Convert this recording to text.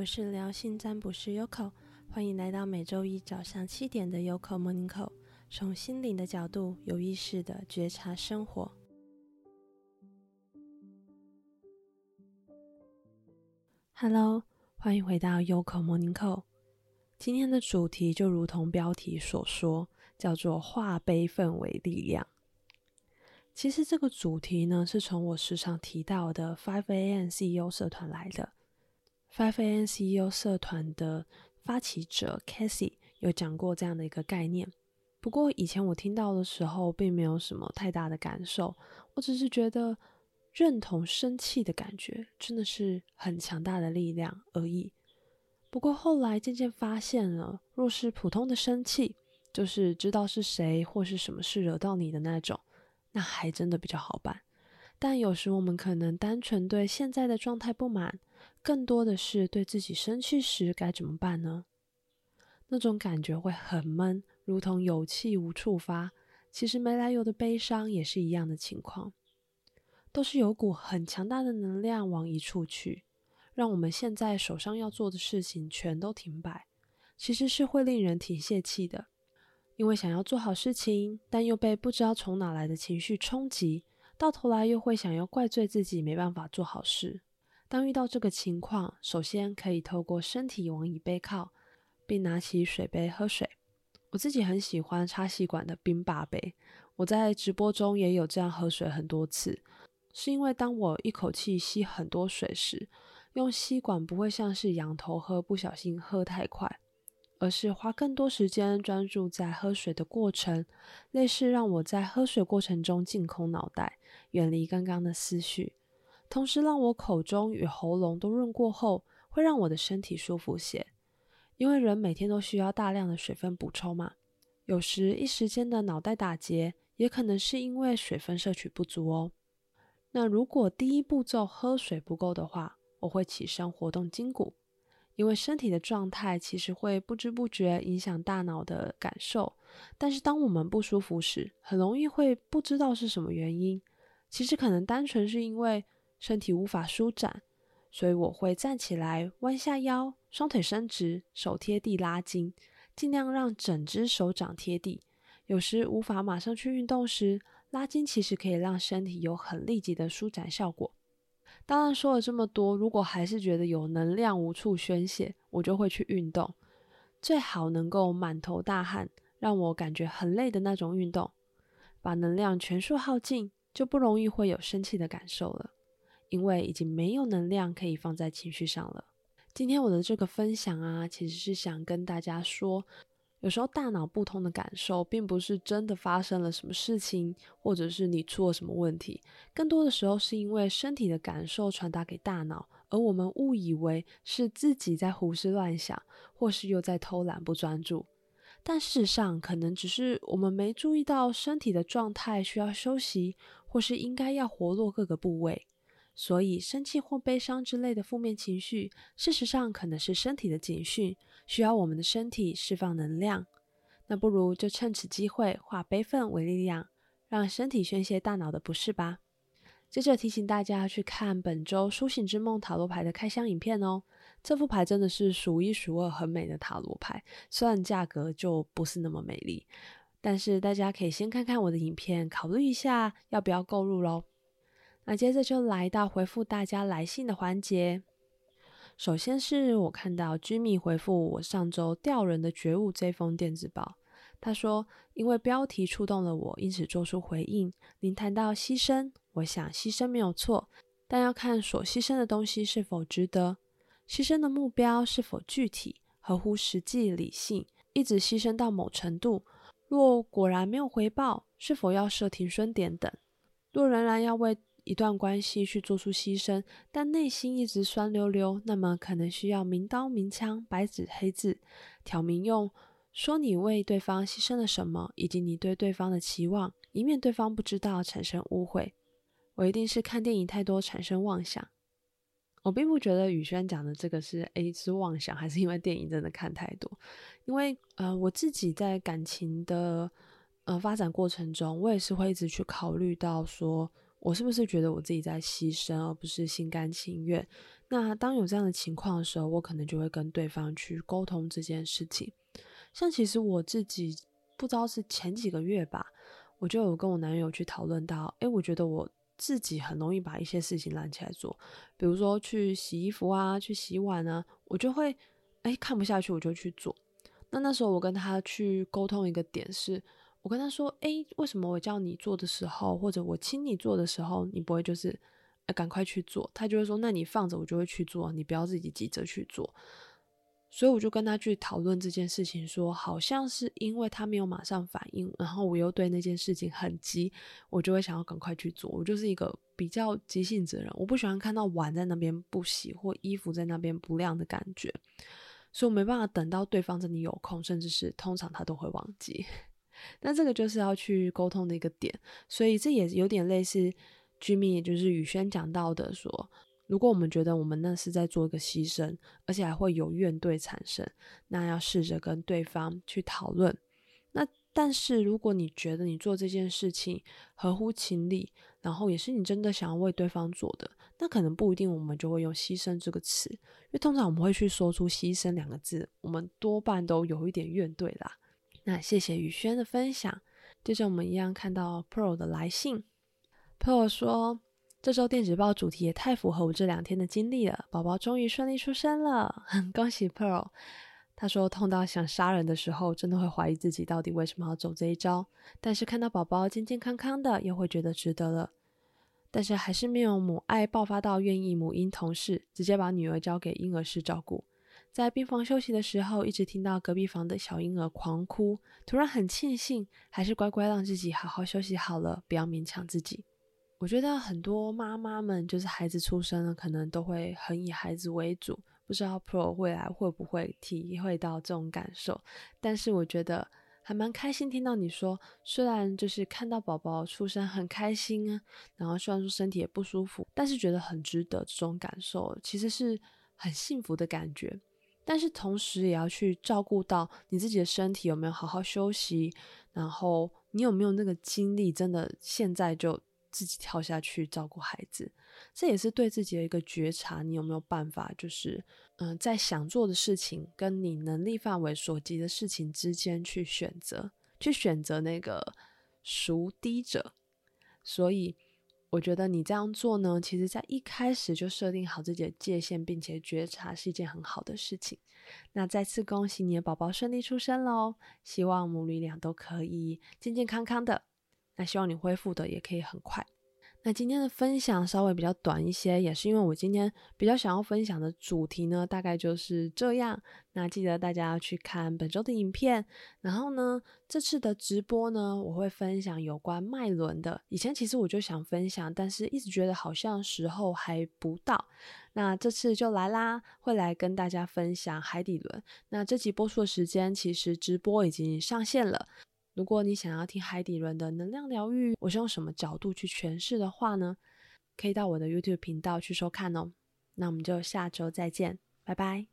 我是療心占卜師 Yoko，歡迎來到每周一早上七點的 Yoko Morning Call，從心靈的角度有意識的覺察生活。Hello，歡迎回到 Yoko Morning Call，今天的主題就如同標題所說，叫做化悲憤為力量。其實這個主題呢，是從我時常提到的 Five A N C O 社團來的。Five AM CEO 社團的發起者 Cassie 有講過這樣的一個概念。不過以前我聽到的時候，並沒有什麼太大的感受。我只是覺得認同生氣的感覺真的是很強大的力量而已。不過後來漸漸發現了，若是普通的生氣，就是知道是誰或是什麼事惹到你的那種，那還真的比較好辦。但有時我們可能單純對現在的狀態不滿。更多的是對自己生氣時該怎麼辦呢？那種感覺會很悶，如同有氣無處發。其實沒來由的悲傷也是一樣的情況，都是有股很強大的能量往一處去，讓我們現在手上要做的事情全都停擺。其實是會令人挺泄氣的，因為想要做好事情，但又被不知道從哪來的情緒衝擊，到頭來又會想要怪罪自己沒辦法做好事。當遇到這個情況，首先可以透過身體往椅背靠，並拿起水杯喝水。我自己很喜歡插吸管的冰霸杯，我在直播中也有這樣喝水很多次。是因為當我一口氣吸很多水時，用吸管不會像是仰頭喝，不小心喝太快，而是花更多時間專注在喝水的過程，類似讓我在喝水過程中淨空腦袋，遠離剛剛的思緒。同時，讓我口中與喉嚨都潤過後，會讓我的身體舒服些。因為人每天都需要大量的水分補充嘛。有時一時間的腦袋打結，也可能是因為水分攝取不足哦。那如果第一步驟喝水不夠的話，我會起身活動筋骨。因為身體的狀態其實會不知不覺影響大腦的感受。但是當我們不舒服時，很容易會不知道是什麼原因。其實可能單純是因為，身體無法舒展，所以我會站起來，彎下腰，雙腿伸直，手貼地拉筋，盡量讓整隻手掌貼地。有時無法馬上去運動時，拉筋其實可以讓身體有很立即的舒展效果。當然說了這麼多，如果還是覺得有能量無處宣洩，我就會去運動，最好能夠滿頭大汗，讓我感覺很累的那種運動，把能量全數耗盡，就不容易會有生氣的感受了。因為已經沒有能量可以放在情緒上了。今天我的這個分享啊，其實是想跟大家說，有時候大腦不通的感受，並不是真的發生了什麼事情，或者是你出了什麼問題。更多的時候，是因為身體的感受傳達給大腦，而我們誤以為是自己在胡思亂想，或是又在偷懶不專注。但事實上，可能只是我們沒注意到身體的狀態需要休息，或是應該要活絡各個部位。所以，生氣或悲傷之類的負面情緒，事實上可能是身體的警訊，需要我們的身體釋放能量。那不如就趁此機會，化悲憤為力量，讓身體宣洩大腦的不適吧。接着提醒大家去看本週《蘇醒之夢》塔羅牌的開箱影片哦。這副牌真的是數一數二很美的塔羅牌，雖然價格就不是那麼美麗，但是大家可以先看看我的影片，考慮一下要不要購入嘍。那接着就來到回復大家來信的環節。首先是我看到 Jimmy 回復我上周吊人的覺悟這封電子報，他說：“因為標題觸動了我，因此做出回應。您談到犧牲，我想犧牲沒有錯，但要看所犧牲的東西是否值得，犧牲的目標是否具體、合乎實際、理性，一直犧牲到某程度。若果然沒有回報，是否要設停損點等？若仍然要為。”一段關係去做出犧牲，但內心一直酸溜溜，那麼可能需要明刀明槍、白紙黑字挑明，用說你為對方犧牲了什麼，以及你對對方的期望，以免對方不知道產生誤會。我一定是看電影太多產生妄想，我並不覺得宇軒講的這個是 A 之妄想，還是因為電影真的看太多？因為呃，我自己在感情的呃發展過程中，我也是會一直去考慮到說。我是不是覺得我自己在犧牲，而不是心甘情願？那當有這樣的情況的時候，我可能就會跟對方去溝通這件事情。像其實我自己不知道是前幾個月吧，我就有跟我男友去討論到，誒，我覺得我自己很容易把一些事情攬起來做，比如說去洗衣服啊，去洗碗啊，我就會，誒，看不下去我就去做。那那時候我跟他去溝通一個點是。我跟他說：“哎、欸，為什麼我叫你做的時候，或者我請你做的時候，你不會就是欸、趕快去做？”他就會說：“那你放着，我就會去做，你不要自己急着去做。”所以我就跟他去討論這件事情說，說好像是因為他沒有馬上反應，然後我又對那件事情很急，我就會想要趕快去做。我就是一個比較急性子的人，我不喜歡看到碗在那邊不洗或衣服在那邊不晾的感覺，所以我沒辦法等到對方真的有空，甚至是通常他都會忘記。那這個就是要去溝通的一個點，所以這也有點類似 Jimmy，也就是宇軒講到的說，說如果我們覺得我們那是在做一個犧牲，而且還會有怨懟產生，那要試着跟對方去討論。那但是如果你覺得你做這件事情合乎情理，然後也是你真的想要為對方做的，那可能不一定我們就會用犧牲這個詞，因為通常我們會去說出犧牲兩個字，我們多半都有一點怨懟啦。那謝謝宇軒的分享。接着我們一樣看到 Pearl 的來信，Pearl 說這周電子報主題也太符合我這兩天的經歷了。寶寶終於順利出生了，恭喜 Pearl。他說痛到想殺人的時候，真的會懷疑自己到底為什麼要走這一招。但是看到寶寶健健康康的，又會覺得值得了。但是還是沒有母愛爆發到願意母嬰同事，直接把女兒交給嬰兒室照顧。在病房休息的時候，一直聽到隔壁房的小嬰兒狂哭，突然很慶幸，還是乖乖讓自己好好休息好了，不要勉強自己。我覺得很多媽媽們就是孩子出生了，可能都會很以孩子為主，不知道 Pro 未來會不會體會到這種感受。但是我覺得還蠻開心，聽到你說，雖然就是看到寶寶出生很開心啊，然後雖然說身體也不舒服，但是覺得很值得，這種感受其實是很幸福的感覺。但是同時也要去照顧到你自己的身體有沒有好好休息，然後你有沒有那個精力，真的現在就自己跳下去照顧孩子，這也是對自己的一個覺察。你有沒有辦法，就是嗯、呃，在想做的事情跟你能力範圍所及的事情之間去選擇，去選擇那個孰低者？所以。我覺得你這樣做呢，其實在一開始就設定好自己的界限，並且覺察是一件很好的事情。那再次恭喜你的寶寶順利出生嘍，希望母女倆都可以健健康康的。那希望你恢復的也可以很快。那今天的分享稍微比較短一些，也是因為我今天比較想要分享的主題呢，大概就是這樣。那記得大家要去看本周的影片，然後呢，這次的直播呢，我會分享有關脈輪的。以前其實我就想分享，但是一直覺得好像時候還不到。那這次就來啦，會來跟大家分享海底輪。那這集播出的時間，其實直播已經上線了。如果你想要聽海底輪的能量療癒，我是用什麼角度去詮釋的話呢？可以到我的 YouTube 頻道去收看哦。那我們就下周再見，拜拜。